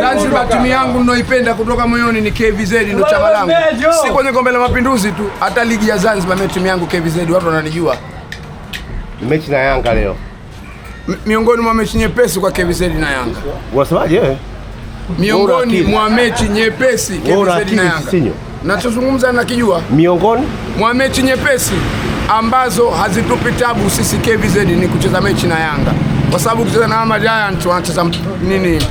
Zanzibar, timu yangu ninayoipenda kutoka moyoni ni KVZ, ndo chama langu, si kwenye kombe la mapinduzi tu, hata ligi ya Zanzibar. Mimi timu yangu KVZ, watu wananijua. Mechi na Yanga leo miongoni mwa mechi nyepesi kwa KVZ na Yanga. Unasemaje wewe? Miongoni mwa mechi nyepesi KVZ na Yanga. Nachozungumza nakijua, miongoni mwa mechi nyepesi ambazo hazitupi tabu sisi KVZ ni kucheza mechi na Yanga kwa sababu kucheza na Ama Giants wanacheza nini,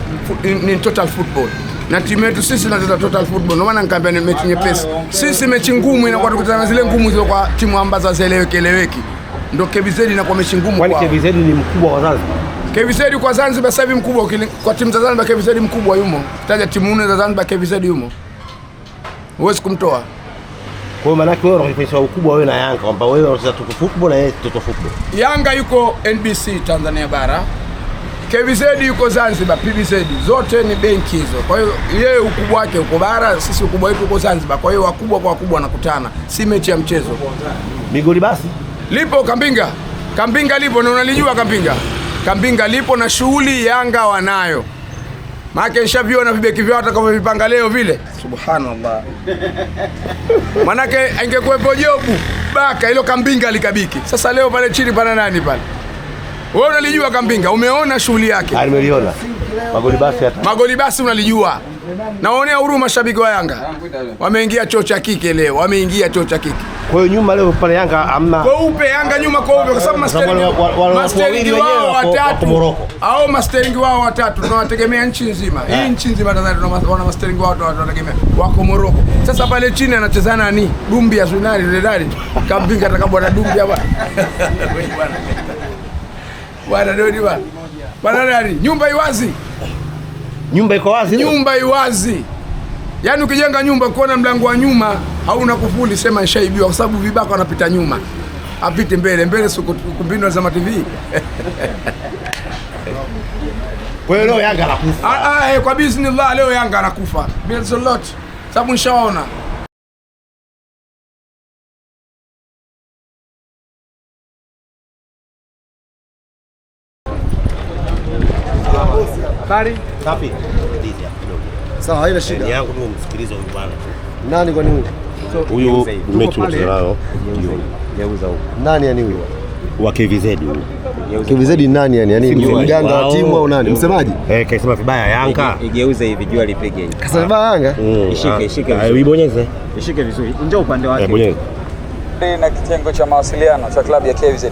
ni total football na timu yetu sisi tunacheza total football. Ndio maana nikaambia ni mechi nyepesi. Sisi mechi ngumu inakuwa tukutana na zile ngumu zile kwa timu ambazo hazieleweki eleweki, ndio KBZ inakuwa mechi ngumu kwa. Kwani KBZ ni mkubwa wa Zanzibar? KBZ kwa Zanzibar sasa hivi mkubwa kwa timu za Zanzibar. KBZ mkubwa yumo, taja timu nne za Zanzibar, KBZ yumo, huwezi kumtoa hiyo maana wewe unakuwa ukubwa wewe na Yanga kwamba wewe unacheza Toto football na yeye Toto football. Yanga yuko NBC Tanzania bara. KVZ yuko Zanzibar, PBZ zote ni benki hizo. Kwa hiyo yeye ukubwa wake uko bara, sisi ukubwa wetu uko Zanzibar. Kwa hiyo wakubwa kwa wakubwa wanakutana, si mechi ya mchezo. Migoli basi lipo Kambinga, Kambinga lipo na unalijua Kambinga, Kambinga lipo na shughuli Yanga wanayo. Maana nishaviona na vibeki vyao atakavyovipanga leo vile. Subhanallah. Manake angekuwepo Jobu baka ilo kambinga alikabiki. Sasa leo pale chini pana nani pale? Wewe unalijua kambinga, umeona shughuli yake. Ah, nimeliona. Magoli basi hata. Magoli basi unalijua. Naonea huruma mashabiki wa Yanga, wameingia choo cha kike leo, wameingia choo cha kike. Kwa hiyo nyuma leo pale Yanga hamna kweupe, Yanga nyuma kweupe, kwa sababu masteringi wao watatu au masteringi wao watatu tunawategemea nchi nzima hii, nchi nzima Tanzania tuna masteringi wao tunawategemea wako Moroko. Sasa pale chini anacheza nani? Dumbi ya Sunari Redari kabinga na dumbi hapa bwana, bwana, ndio ni bwana, bwana nani, nyumba iwazi Nyumba iko wazi, nyumba iwazi. Yaani ukijenga nyumba ukiona mlango wa nyuma hauna kufuli, sema nishaibiwa, kwa sababu vibaka wanapita nyuma, apite mbele mbele, siku kumbindwa za TV kwa leo Yanga anakufa. Ah, ah eh, kwa bismillah leo Yanga anakufa. Bilzolot. Sababu nishaona Habari? Ngapi? Sawa, haina shida. Yaani ni Yangu ndio msikilize huyu bwana. Nani kwa nini? huyu? Huyu wa Zerao. Yauza huko. Nani yani huyu? Wa KVZ huyu. KVZ ni nani yani? Yaani ni mganga wa timu au nani? Msemaji? Eh, kaisema vibaya Yanga. Igeuza hivi jua lipige. Kasema vibaya Yanga? Mm. Ishike, ishike. Ah, ah, ibonyeze. Ishike vizuri. Njoo upande wake. Eh, Bonyeza. Na kitengo cha mawasiliano cha klabu ya KVZ.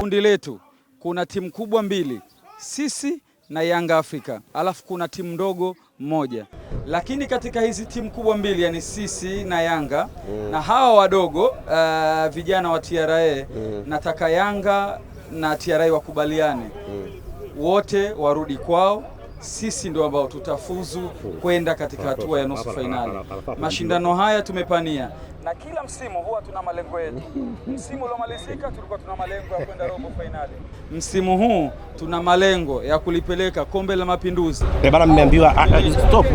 Kundi letu kuna timu kubwa mbili. Sisi na Yanga afrika alafu kuna timu ndogo moja, lakini katika hizi timu kubwa mbili, yani sisi na Yanga mm. na hawa wadogo uh, vijana wa TRA mm. nataka Yanga na TRA wakubaliane mm. wote warudi kwao sisi ndio ambao tutafuzu kwenda katika hatua ya nusu fainali. Mashindano haya tumepania, na kila msimu huwa tuna malengo yetu. Msimu uliomalizika tulikuwa tuna malengo ya kwenda robo fainali, msimu huu tuna malengo ya kulipeleka kombe la Mapinduzi. Eh, bana, mmeambiwa ah, ah, stop.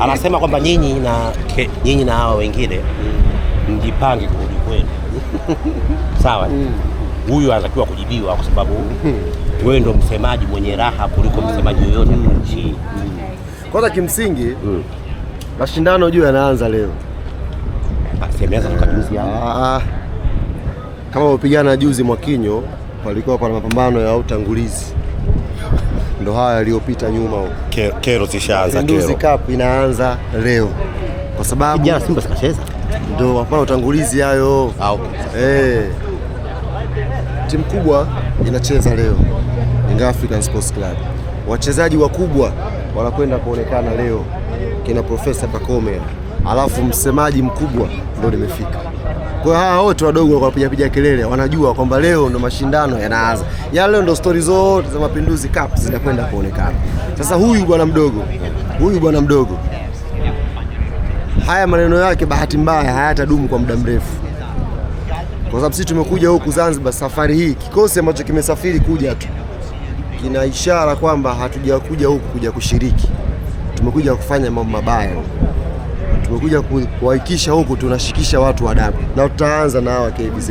Anasema kwamba nyinyi na nyinyi na hawa wengine mjipange kurudi kwenu. Sawa, mm. huyu anatakiwa kujibiwa kwa sababu mm wewe ndo msemaji mwenye raha kuliko msemaji yoyote mm. nchi hii. Mm. Kwanza kimsingi mm. mashindano juu yanaanza leo ah, ah, ah. kama upigana juzi Mwakinyo palikuwa pana mapambano ya utangulizi, ndo haya yaliyopita nyuma. Kero, kero zishaanza. Cup inaanza leo kwa sababu jana Simba sikacheza, ndo mapambano utangulizi hayo. Ah, okay. hey. Eh timu kubwa inacheza leo Yanga African Sports Club, wachezaji wakubwa wanakwenda kuonekana leo kina Profesa Pacome, alafu msemaji mkubwa ndo nimefika. Kwa hawa wote wadogo piga kelele, wanajua kwamba leo ndo mashindano yanaanza, ya leo ndo stori zote za Mapinduzi Cup zinakwenda kuonekana. Sasa huyu bwana mdogo, huyu bwana mdogo, haya maneno yake bahati mbaya hayatadumu kwa muda mrefu kwa sababu sisi tumekuja huku Zanzibar safari hii, kikosi ambacho kimesafiri kuja tu kina ishara kwamba hatujakuja huku kuja kushiriki, tumekuja kufanya mambo mabaya, tumekuja kuhakikisha huku tunashikisha watu adabu, na tutaanza na hawa KVZ.